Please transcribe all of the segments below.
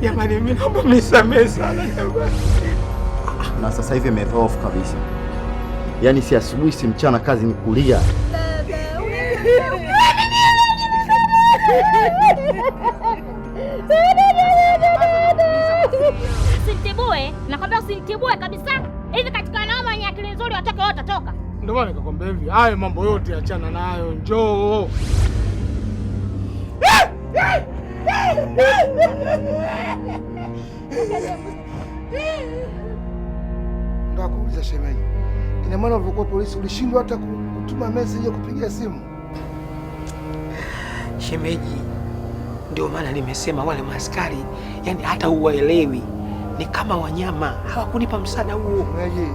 Jamani, mimi naomba mnisamehe sana na sasa hivi imevaa off kabisa, yaani si asubuhi si mchana, kazi ni kulia. Usinitibue, nakwambia usinitibue kabisa. Hivi katika wanaume wenye akili nzuri watoke wote, toka. Ndio maana nikakwambia hivi, hayo mambo yote achana nayo, njoo Ndakuuliza shemeji, ina maana ulivyokuwa polisi ulishindwa hata kutuma meseji ya kupiga simu? shemeji. Ndio maana nimesema wale maaskari yani hata uwaelewi, ni kama wanyama, hawakunipa msaada huo. Shemeji,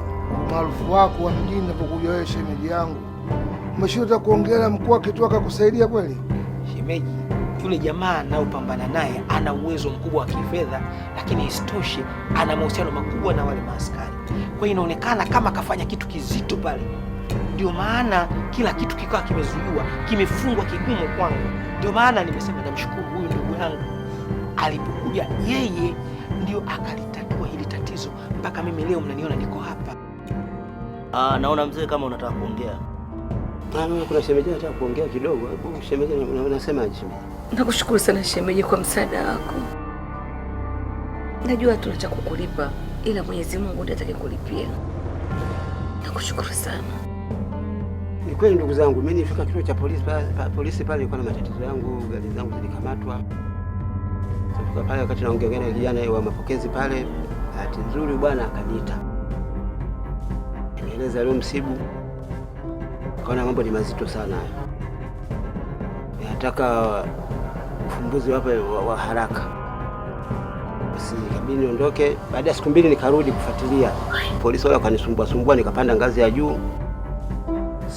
umaarufu wako wa mjini napokuja wewe, shemeji yangu, umeshinda kuongea mkuu akitu akakusaidia kweli? Shemeji, yule jamaa anayopambana naye ana uwezo mkubwa wa kifedha, lakini isitoshe ana mahusiano makubwa na wale maaskari, kwa hiyo inaonekana kama akafanya kitu kizito pale. Ndio maana kila kitu kikawa kimezuiwa, kimefungwa kigumu kwangu. Ndio maana nimesema namshukuru huyu ndugu yangu alipokuja, yeye ndio akalitatua hili tatizo mpaka mimi leo mnaniona niko hapa. Ah, naona mzee, kama unataka kuongea ah, kuna shemeji nataka kuongea kidogo. Shemeji, unasemaje shemeji? Nakushukuru sana shemeji kwa msaada wako. Najua hatuna cha kukulipa, ila Mwenyezi Mungu ndiye atakayekulipia. Nakushukuru sana. Ni kweli ndugu zangu, mimi nilifika kituo cha polisi pale, polisi pale ilikuwa na matatizo yangu, gari zangu zilikamatwa. Nilifika pale wakati naongea na kijana wa mapokezi pale, bahati nzuri bwana akaniita. Nieleza leo msibu. Kaona mambo ni mazito sana hayo. Nataka ufumbuzi hapa wa haraka. Basi kabidi niondoke. Baada ya siku mbili nikarudi kufuatilia. Polisi wale wakanisumbua sumbua, nikapanda ngazi ya juu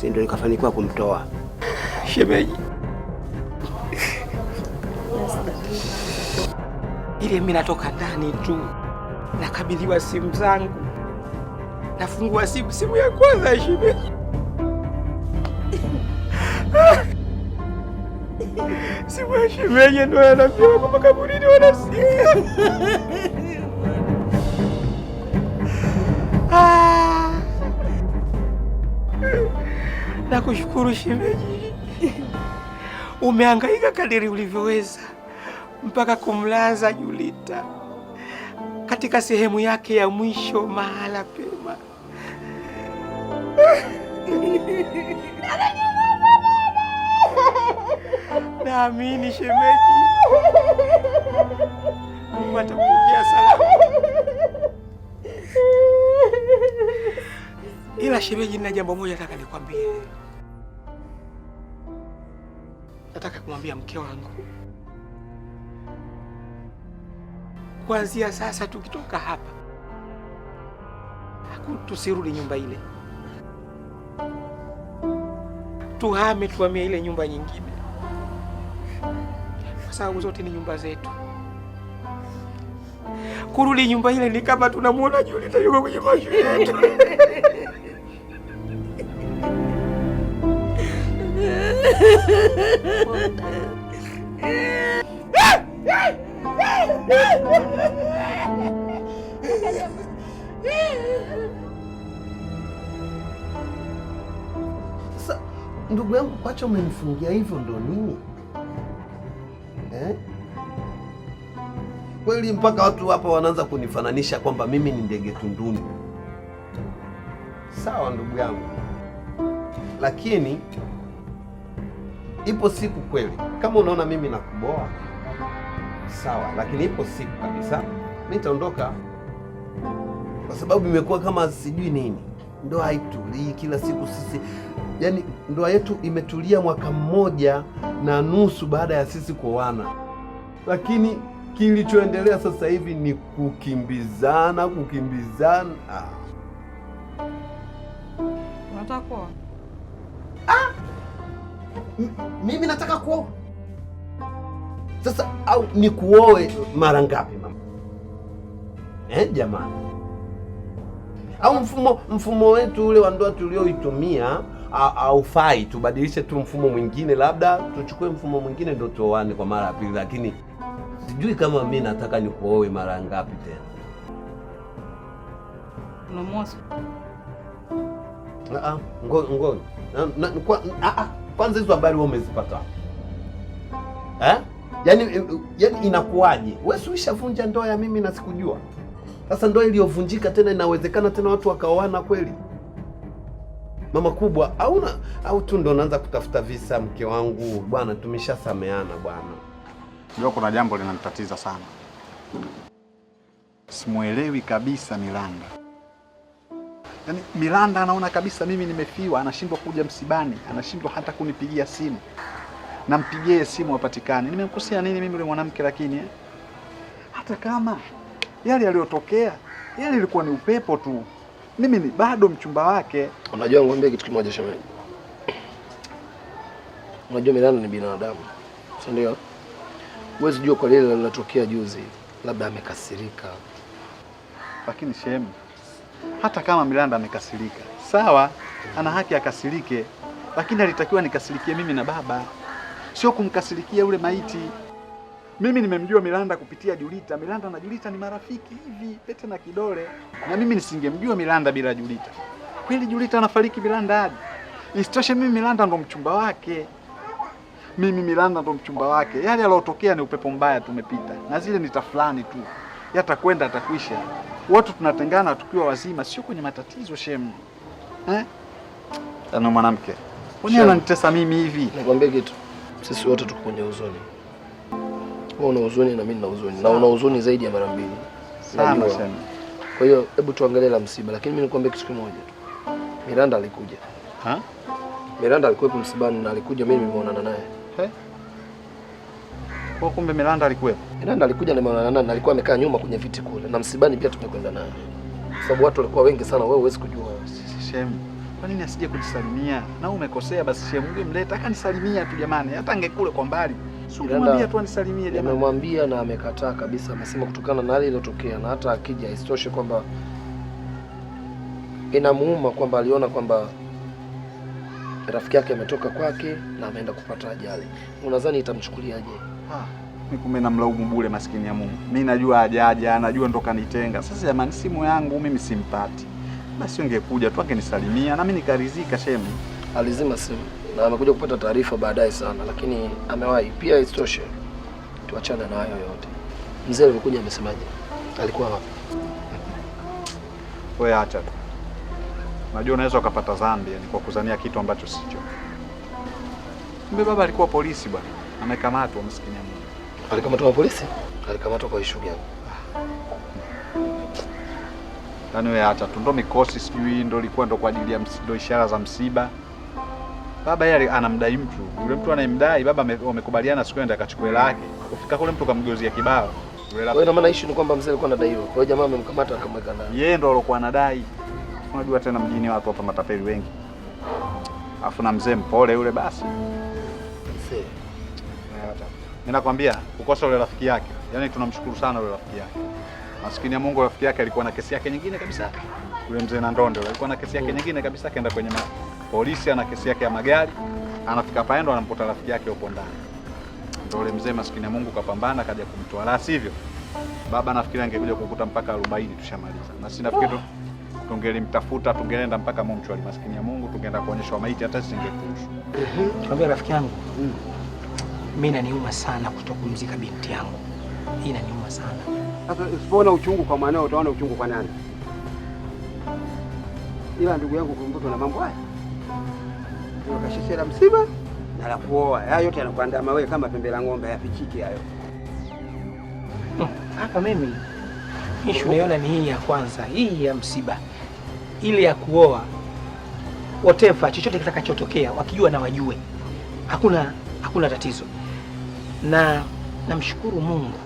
si ndio nikafanikiwa kumtoa shemeji. Ile mimi natoka ndani tu nakabidhiwa simu zangu, nafungua simu, simu ya kwanza shemeji, simu ya shemeji ndio anapewa kwa makaburini wanasikia kushukuru shemeji, umehangaika kadiri ulivyoweza mpaka kumlaza Julita katika sehemu yake ya mwisho mahala pema. Naamini shemeji, Mungu atakupokea salama. Ila shemeji, nina jambo moja nataka nikwambie nataka kumwambia mke wangu, kuanzia sasa tukitoka hapa tusirudi nyumba ile, tuhame tuhamia ile nyumba nyingine, kwa sababu zote ni nyumba zetu. Kurudi nyumba ile ni kama tunamwona Julita yuko kwenye macho yetu. Sasa ndugu yangu, kwacha umenifungia hivyo ndo nini eh? Kweli mpaka watu hapa wanaanza kunifananisha kwamba mimi ni ndege tunduni. Sawa ndugu yangu, lakini ipo siku kweli, kama unaona mimi nakuboa sawa, lakini ipo siku kabisa nitaondoka, kwa sababu imekuwa kama sijui nini, ndoa haitulii. Kila siku sisi, yani ndoa yetu imetulia mwaka mmoja na nusu baada ya sisi kuoana, lakini kilichoendelea sasa hivi ni kukimbizana, kukimbizana. Unataka kuoa? Ah! mimi nataka kuoa sasa, au ni kuoe mara ngapi mama eh, jamani? Au mfumo mfumo wetu ule wa ndoa tulioitumia haufai, tubadilishe tu mfumo mwingine, labda tuchukue mfumo mwingine ndio tuoane kwa mara ya pili, lakini sijui kama mi nataka ni kuoe mara ngapi tena. ah, ah. ah, ah. Kwanza hizo habari wewe umezipata eh? Yaani, eh, eh, yaani inakuwaje? Wewe si ushavunja ndoa ya mimi na sikujua? Sasa ndoa iliyovunjika tena inawezekana tena watu wakaoana kweli? Mama kubwa, au na au tu ndo naanza kutafuta visa. Mke wangu bwana, tumeshasameana bwana. Leo kuna jambo linanitatiza sana, simuelewi kabisa Milanda. Yaani Miranda anaona kabisa mimi nimefiwa, anashindwa kuja msibani, anashindwa hata kunipigia simu. Nampigie simu apatikane. Nimemkosea nini mimi yule mwanamke lakini eh? Hata kama yale yaliyotokea yale ilikuwa ni upepo tu, mimi ni bado mchumba wake. Unajua, ng'ombe kitu kimoja shemeji, unajua Milanda ni binadamu, si ndio? Huwezi jua kwa lile linalotokea juzi, labda amekasirika, lakini shemu hata kama Milanda amekasirika, sawa, ana haki akasirike, lakini alitakiwa nikasirikie mimi na baba, sio kumkasirikia yule maiti. Mimi nimemjua Milanda kupitia Julita. Miranda na Julita ni marafiki hivi pete na kidole, na mimi nisingemjua Milanda bila Julita. Kweli Julita anafariki Milanda aje? isitoshe, mimi Miranda ndo mchumba wake mimi Miranda ndo mchumba wake. Yale yalotokea ni upepo mbaya, tumepita na zile ni tafulani tu, yatakwenda, atakwisha watu tunatengana tukiwa wazima, sio kwenye matatizo shemu eh? Ana mwanamke kwani ananitesa mimi hivi? Nikwambie kitu, sisi wote tuko kwenye huzuni. Wewe una huzuni na mimi na huzuni na una huzuni zaidi ya mara mbili sana sana. Kwa hiyo hebu tuangalie la msiba, lakini mimi nikwambie kitu kimoja tu, Miranda alikuja ha? Miranda alikuwepo msibani na alikuja, mimi nimeonana naye eh? Kwa kumbe Miranda alikuwepo. Miranda alikuja na nani? alikuwa amekaa nyuma kwenye viti kule na msibani pia tumekwenda naye. Kwa sababu watu walikuwa wengi sana, wewe huwezi kujua. Shem. Kwa nini asije kujisalimia? Na umekosea basi shemu, Shem, ungemleta akanisalimia tu jamani, hata angekule kwa mbali. Sikumwambia tu anisalimie jamani. Nimemwambia na amekataa kabisa, amesema kutokana na hali iliyotokea na hata akija isitoshe kwamba inamuuma kwamba aliona kwamba rafiki yake ametoka kwake na ameenda kupata ajali. Unadhani itamchukuliaje? mi kumbe namlaumu bure, maskini ya Mungu. Mi najua ajaja, najua ndo kanitenga. Sasa jamani, simu yangu mimi simpati, basi ungekuja tu akinisalimia nami nikaridhika. Shemu alizima simu na amekuja kupata taarifa baadaye sana, lakini amewahi pia. Isitoshe, tuachana na hayo yote. Mzee alivyokuja amesemaje? Alikuwa wapi? Wewe acha tu, najua unaweza ukapata dhambi, yani kwa kuzania kitu ambacho sicho. Mbe baba alikuwa polisi bwana amekamatwa. Maskini Mungu, alikamatwa na polisi, alikamatwa kwa issue gani? Yaani wewe hata tu ndo mikosi sijui ndo ilikuwa ndo kwa ajili ya ndo ishara za msiba. Baba yeye anamdai mtu, yule mtu anayemdai baba wamekubaliana siku ndio akachukua hela yake. Kufika kule mtu kamgeuzia kibao. Kwa hiyo maana issue ni kwamba mzee alikuwa hiyo. Kwa hiyo jamaa amemkamata akamweka ndani. Yeye ndo alikuwa anadai. Unajua tena mjini watu hapa matapeli wengi. Afu na mzee mpole yule basi. Ninakwambia kukosa ule rafiki yake, yaani tunamshukuru sana ule rafiki yake. Maskini ya Mungu, rafiki yake alikuwa na kesi yake nyingine kabisa. Yule mzee na ndonde alikuwa na kesi yake nyingine kabisa, kaenda kwenye ma polisi, ana kesi yake ya magari. Anafika paendo, anamkuta rafiki yake yupo ndani. Ndio yule mzee maskini ya Mungu kapambana, kaja kumtoa, la sivyo baba nafikiri angekuja kukuta mpaka 40 tushamaliza, na si nafikiri tu tungelimtafuta tungeenda mpaka Momchwali, maskini ya Mungu, tungeenda kuonyeshwa maiti, hata Mhm. Mm, kwa rafiki yangu Mm mimi naniuma sana kutokumzika binti yangu, hii naniuma sana. Sasa usipoona uchungu kwa mwanao utaona uchungu kwa nani? Ila ndugu yangu, kumbuka na mambo haya, wakashishe msiba na la kuoa, haya yote yanakuandama wewe kama pembe la ng'ombe, hayafichiki hayo hmm, hapa. Mimi ishu naiona ni hii ya kwanza, hii ya msiba, ile ya kuoa whatever, chochote kitakachotokea wakijua na wajue, hakuna hakuna tatizo na namshukuru Mungu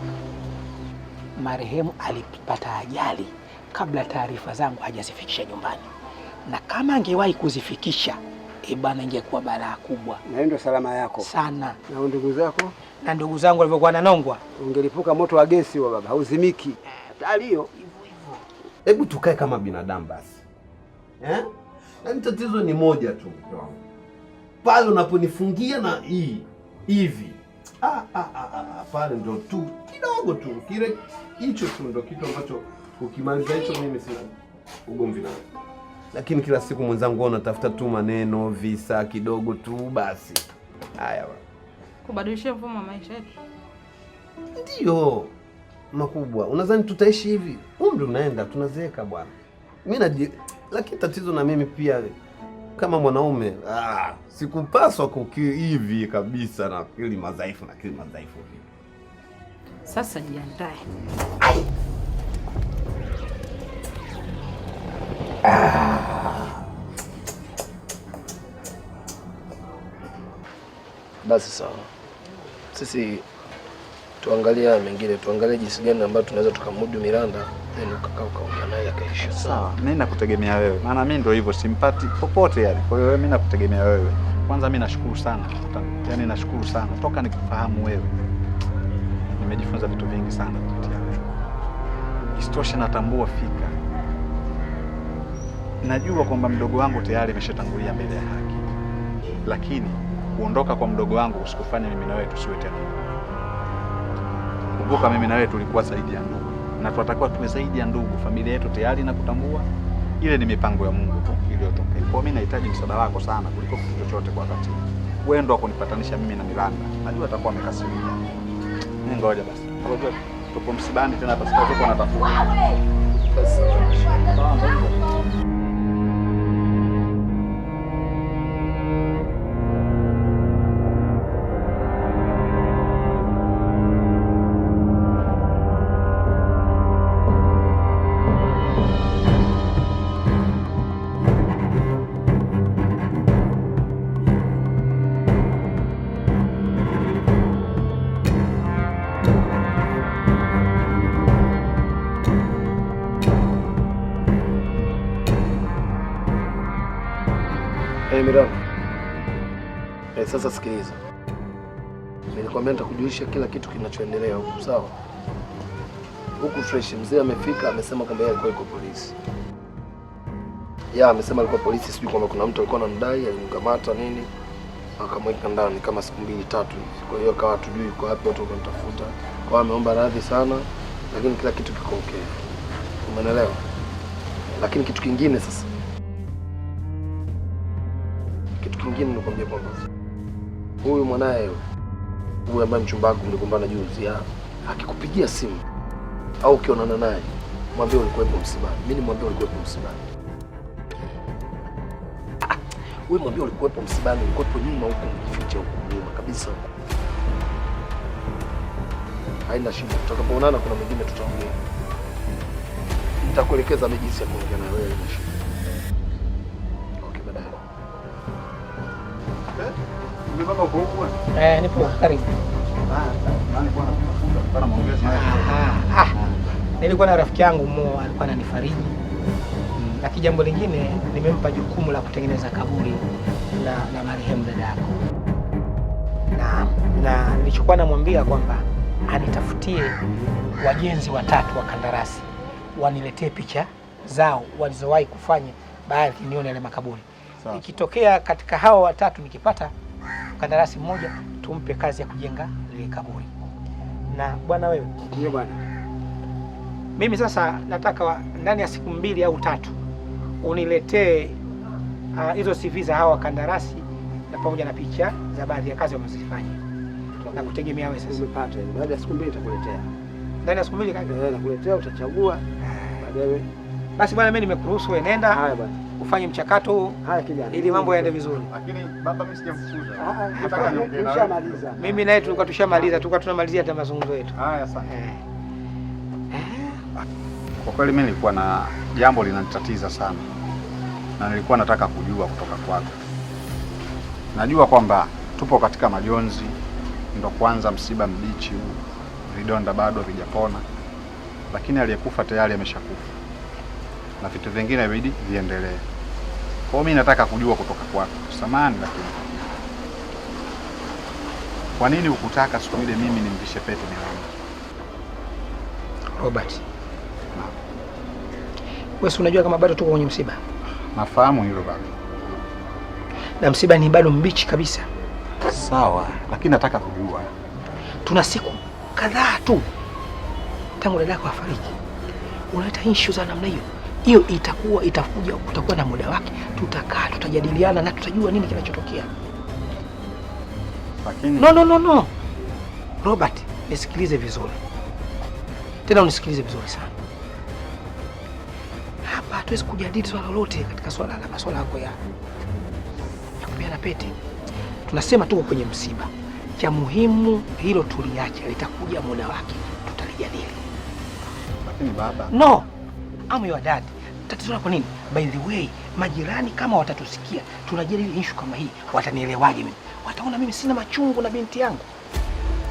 marehemu alipata ajali kabla taarifa zangu hajazifikisha nyumbani, na kama angewahi kuzifikisha e eh bana, ingekuwa balaa kubwa. Na ndio salama yako sana na ndugu zako na ndugu zangu walivyokuwa nanongwa, ungelipuka moto wa gesi wa baba, hauzimiki hatari Hivyo hivyo, hebu tukae kama binadamu basi eh? Yaani tatizo ni moja tu pale unaponifungia na hii hivi Ah ah, ah, ah, ah, pale ndo tu kidogo tu kile hicho tu ndo kitu ambacho ukimaliza hicho mimi sina ugomvi nao. lakini kila siku mwenzangu unatafuta tu maneno visa kidogo tu basi. Haya kubadilishia mfumo wa maisha yetu ndio makubwa. Unadhani tutaishi hivi? Umri unaenda, tunazeeka bwana. Mimi na lakini tatizo na mimi pia kama mwanaume ah, sikupaswa kuki hivi kabisa, na kili madhaifu na kili madhaifu hivi. Sasa jiandae. Ah. Basi sawa, sisi tuangalie mengine, tuangalie jinsi gani ambayo tunaweza tukamudu Miranda then ukaongea naye akaisha. Sawa, mimi nakutegemea wewe, maana mimi ndio hivyo, simpati popote yani. Kwa hiyo mimi nakutegemea wewe. Kwanza mimi nashukuru sana, yaani nashukuru sana, toka nikufahamu wewe nimejifunza vitu vingi sana kupitia wewe. Isitoshe natambua fika, najua kwamba mdogo wangu tayari ameshatangulia mbele ya haki, lakini kuondoka kwa mdogo wangu usikufanya mimi na wewe tusiwe tena. Kumbuka mimi na wewe tulikuwa zaidi ya ndugu na tuatakuwa tuwe zaidi ya ndugu. Familia yetu tayari na kutambua ile ni mipango ya Mungu tu iliyotokea. Kwa mimi nahitaji msaada wako sana kuliko kitu chochote kwa wakati. Wewe ndo akunipatanisha mimi na Milanda. Najua atakuwa amekasirika. Mimi ngoja basi. Ngoja tupo msibani tena basi sitaki kuwa natafuta. Basi. Sasa sikiliza, nilikwambia nitakujulisha kila kitu kinachoendelea huku, sawa? Huku fresh mzee amefika, amesema kwamba yeye alikuwa yuko polisi. Ya amesema alikuwa polisi, sijui kwamba kuna mtu alikuwa anamdai, alimkamata nini, akamweka ndani kama siku mbili tatu Kwa hiyo akawa tujui yuko wapi, watu wanamtafuta. Kwa hiyo ameomba radhi sana, lakini kila kitu kiko okay. Umeelewa? Lakini kitu kingine sasa, kitu kingine nikwambia kwamba huyu mwanaye huyu ambaye mchumba wako mlikumbana juzi, ah, akikupigia simu au ukionana naye, mwambie ulikuwepo msibani. Mimi nimwambie ulikuwepo msibani. Ah, wewe mwambie ulikuwepo msibani, ulikuwepo nyuma huko, mjificha huko nyuma kabisa huko. Haina shida, tutakapoonana kuna mengine tutaongea, nitakuelekeza mimi jinsi ya kuongea na wewe. Haina shida. Eh, nipo karibu. Ah, ah, ah, nilikuwa na rafiki yangu mmoja alikuwa ananifariji, mm, lakini jambo lingine nimempa jukumu la kutengeneza kaburi la, la marehemu dada yako, na na nilichokuwa namwambia kwamba anitafutie wajenzi watatu wa kandarasi waniletee picha zao walizowahi kufanya baadhi, nione yale makaburi. Ikitokea katika hao watatu nikipata mkandarasi mmoja tumpe kazi ya kujenga lile kaburi. Na bwana wewe, ndio bwana, mimi sasa nataka ndani ya siku mbili au tatu uniletee ah, hizo uh, CV za hawa wakandarasi na pamoja na picha za baadhi ya kazi wamezifanya. Na kutegemea wewe sasa. Umepata. Baada ya siku mbili nitakuletea. Ndani ya siku mbili kaka, eh, nakuletea utachagua. Ah. Baadaye. Basi bwana, mimi nimekuruhusu wewe, nenda. Haya bwana ufanye mchakato huu ili mambo yaende vizuri. Ah, ah, mimi naye tulikuwa tushamaliza, tulikuwa tunamalizia hata mazungumzo yetu. Eh. Kwa kweli mimi nilikuwa na jambo linanitatiza sana, na nilikuwa nataka kujua kutoka kwako. Najua kwamba tupo katika majonzi, ndo kwanza msiba mbichi huu, vidonda bado havijapona, lakini aliyekufa tayari ameshakufa na vitu vingine vidi viendelee. Kwa mimi nataka kujua kutoka kwako samani, lakini kwa nini ukutaka siku ile mimi nimvishe pete Nilangi? Robert, wewe si unajua kama bado tuko kwenye msiba? Nafahamu hilo bado, na msiba ni bado mbichi kabisa. Sawa, lakini nataka kujua, tuna siku kadhaa tu tangu dadako afariki, unaleta issue za namna hiyo hiyo itakuwa itakuja, kutakuwa na muda wake, tutakaa tutajadiliana na tutajua nini kinachotokea. Lakini no, no, no, no. Robert, nisikilize vizuri tena, unisikilize vizuri sana. Hapa hatuwezi kujadili swala lolote katika swala la maswala yako ya ya kupeana pete. Tunasema tuko kwenye msiba, cha muhimu hilo tuliache, litakuja muda wake tutalijadili. Lakini baba, no I'm your dad. Tatizo lako nini? By the way, majirani kama watatusikia tunajali ile issue kama hii, watanielewaje mimi? Wataona mimi sina machungu na binti yangu.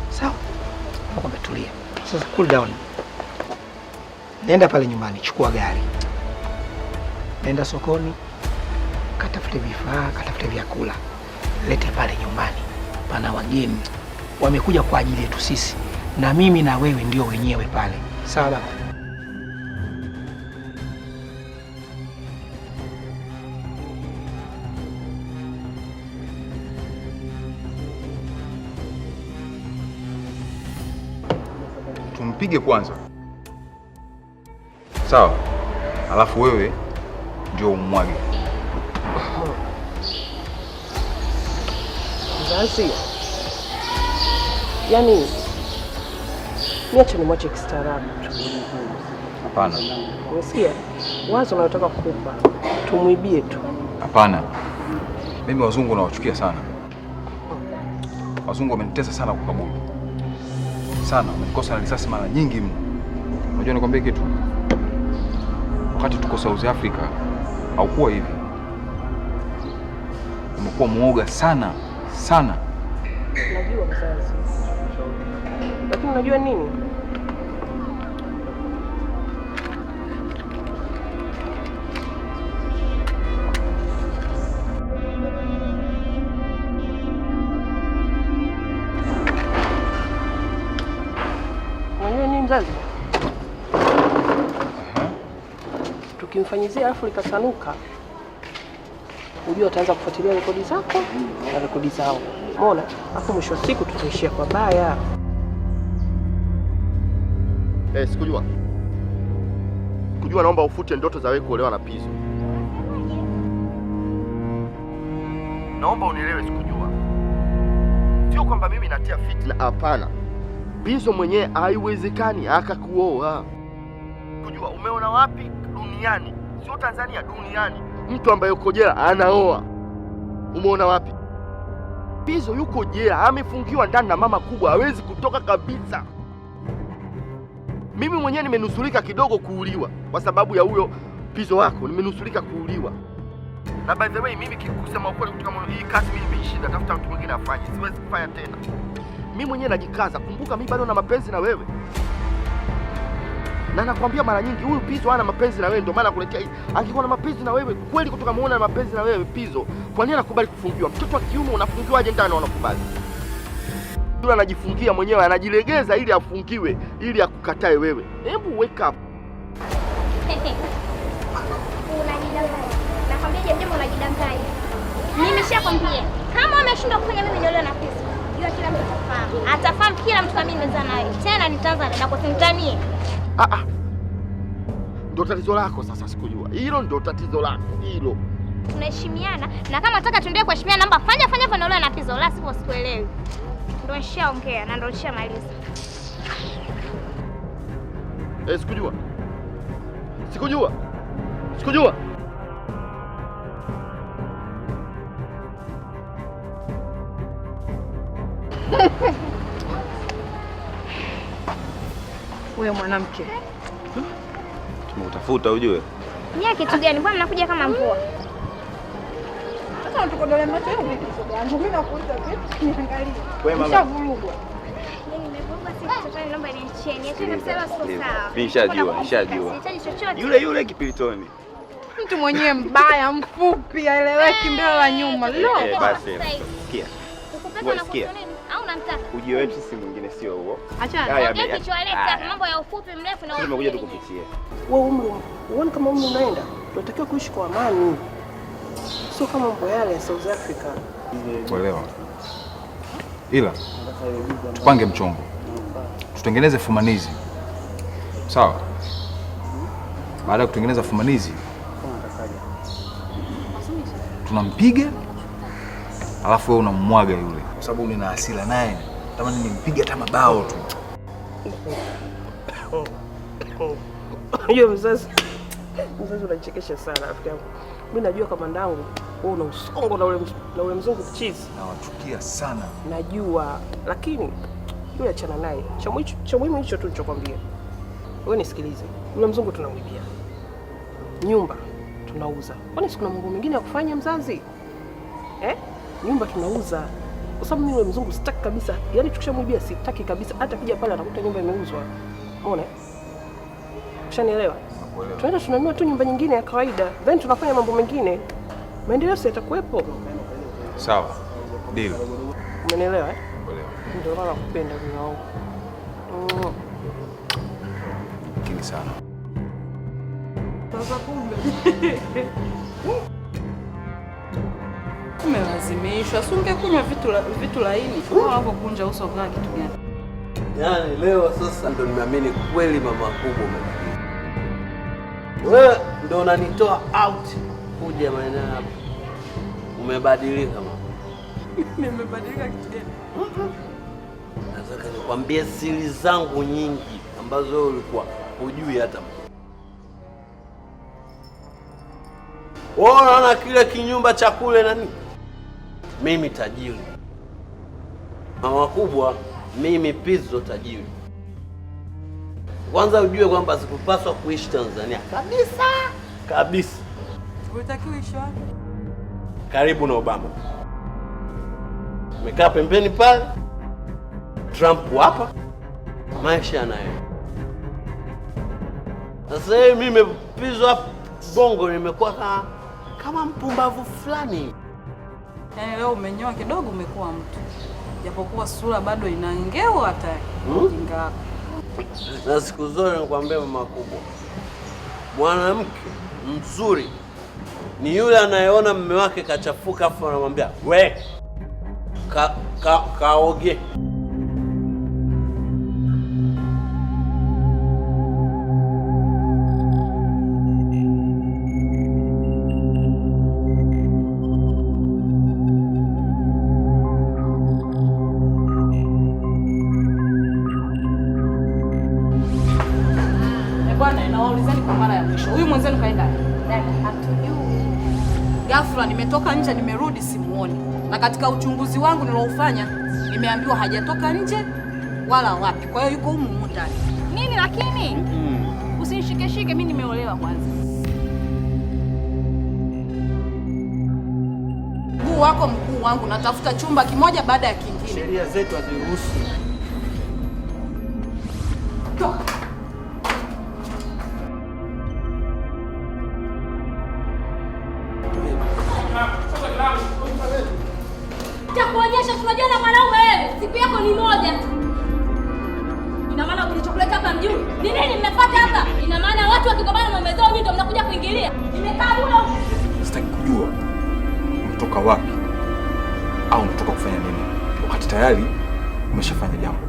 Sawa? Hapo umetulia. Sasa cool down. Nenda pale nyumbani, chukua gari. Nenda sokoni, katafute vifaa, katafute vyakula. Lete pale nyumbani. Pana wageni wamekuja kwa ajili yetu sisi, na mimi na wewe ndio wenyewe pale. Sawa baba? nipige kwanza, sawa? Alafu wewe ndio umwage. Basi yaani, niache nimwache kistaarabu. Hapana, umesikia wazo unayotaka kukupa, tumwibie tu? Hapana, mimi wazungu nawachukia sana. Wazungu wamenitesa sana kwa kaburi sana, umekosa na risasi mara nyingi mno. Unajua nikwambie kitu, wakati tuko South Africa haukuwa hivi. Umekuwa mwoga sana sana. Najua mzazi, lakini unajua nini, mzazi tukimfanyizia alafu likasanuka, ujua ataanza kufuatilia rekodi zako na rekodi zao, mona Hapo mwisho wa siku tutaishia kwa baya. Eh, sikujua sikujua, naomba ufute ndoto za wewe kuolewa na Pizo. Naomba unielewe, sikujua, sio kwamba mimi natia fitna, hapana Bizo mwenyewe haiwezekani akakuoa. Kujua umeona wapi duniani, sio Tanzania, duniani mtu ambaye yuko jela anaoa, umeona wapi? Bizo yuko jela, amefungiwa ndani na mama kubwa, hawezi kutoka kabisa. Mimi mwenyewe nimenusurika kidogo kuuliwa kwa sababu ya huyo Bizo wako, nimenusurika kuuliwa. Na by the way, mimi kikusema ukweli, kutoka hii kazi mimi nimeishinda, tafuta mtu mwingine afanye, siwezi kufanya tena mi mwenyewe najikaza. Kumbuka mi bado na mapenzi na wewe, na nakwambia mara nyingi, huyu Pizzo ana mapenzi na wewe, ndio maana nakuletea hii. Angekuwa na mapenzi na wewe kweli, kutoka muona na mapenzi na wewe Pizzo, kwa nini anakubali kufungiwa? Mtoto wa kiume unafungiwaje ndani? Wanakubali yule anajifungia mwenyewe, anajilegeza ili afungiwe, ili akukatae wewe. Hebu wake up Unajidanganya. Nakwambia, unajidanganya. Nimeshakwambia kama ameshindwa kufanya mimi ndio na pesa kila mtu atafahamu, atafahamu kila mtu kama mimi nimezaa naye, tena nitaanza nakusimtanie. Ah ah, ndio tatizo lako sasa, sikujua hilo, ndio tatizo lako hilo. Tunaheshimiana na kama nataka tuendelee kuheshimiana, naomba fanya fanya hivyo, na Pizzo, la sivyo sikuelewi. Ndio nishaongea na ndio nishamaliza. Eh, sikujua, sikujua, sikujua Wewe mwanamke tumekutafuta ujue. Nyie kitu gani kwa mnakuja kama mvua? Nishajua, nishajua yule yule kipilitoni, mtu mwenyewe mbaya, mfupi, aeleweki, mbele wa nyuma. Eh, eh, sikia ujio wetu si mwingine sio huo. Mambo ya ufupi mrefu na tukupitie. Wewe umri uone kama umri unaenda, tunatakiwa kuishi kwa amani, sio kama mambo yale ya South Africa. Kuelewa, ila tupange mchongo, tutengeneze fumanizi sawa. Baada ya kutengeneza fumanizi tunampiga, alafu wewe unamwaga yule, kwa sababu nina hasira naye tamani nimpiga hata mabao tu. Unajua mzazi, mzazi unachekesha sana rafiki yangu. Mimi najua kama ndangu wewe una usongo na ule na ule mzungu chizi. Nawachukia sana. Najua, lakini yule achana naye. Cha muhimu hicho tu nichokwambia Wewe nisikilize. Ule mzungu tunamwibia. Nyumba tunauza. Kwani sikuna mambo mengine ya kufanya mzazi? Eh? Nyumba tunauza kwa sababu mimi mzungu sitaki kabisa, yaani mwibia sitaki kabisa. Hata kija pale anakuta nyumba imeuzwa, umeona? Ushanielewa? Tunaenda tunanunua tu nyumba nyingine ya kawaida, then tunafanya mambo mengine, maendeleo si yatakuwepo. Sawa, deal. Umenielewa eh? Ndio maana nakupenda mimi wangu. Mm. sana. Sasa kumbe. ulilazimishwa, si ungekunywa vitu la, vitu laini kunja uso kaa kitu gani? Yaani leo sasa ndo nimeamini kweli mama kubwa Wewe ndo unanitoa out kuja maeneo hapa. Umebadilika mama. Nimebadilika kitu gani? Hmm? Nataka nikwambie siri zangu nyingi ambazo wewe ulikuwa hujui hata wewe unaona kile kinyumba cha kule nani mimi tajiri. Mama kubwa, mimi Pizzo tajiri. Kwanza ujue kwamba sikupaswa kuishi Tanzania kabisa kabisa. Unatakiwa uishi wapi? Karibu na Obama, umekaa pembeni pale. Trump hapa, maisha yanayo sasa hivi. Mimi Pizzo Bongo nimekuwa kama mpumbavu fulani. Yaani leo umenyoa kidogo umekuwa mtu, japokuwa sura bado ina ngeo hata hmm? ingaa. Na siku zote nikwambia mama kubwa, mwanamke mzuri ni yule anayeona mume wake kachafuka, afu anamwambia we ka, ka, kaoge kwenda Ghafla nimetoka nje, nimerudi simuoni, na katika uchunguzi wangu niloufanya nimeambiwa hajatoka nje wala wapi, kwa hiyo yuko humu humu ndani. Nini lakini? mm -hmm. Usinishikeshike, mimi nimeolewa kwanza. Mkuu wako mkuu wangu, natafuta chumba kimoja baada ya kingine. Sheria zetu haziruhusu. Toka. wapi au umetoka kufanya nini, wakati tayari umeshafanya jambo.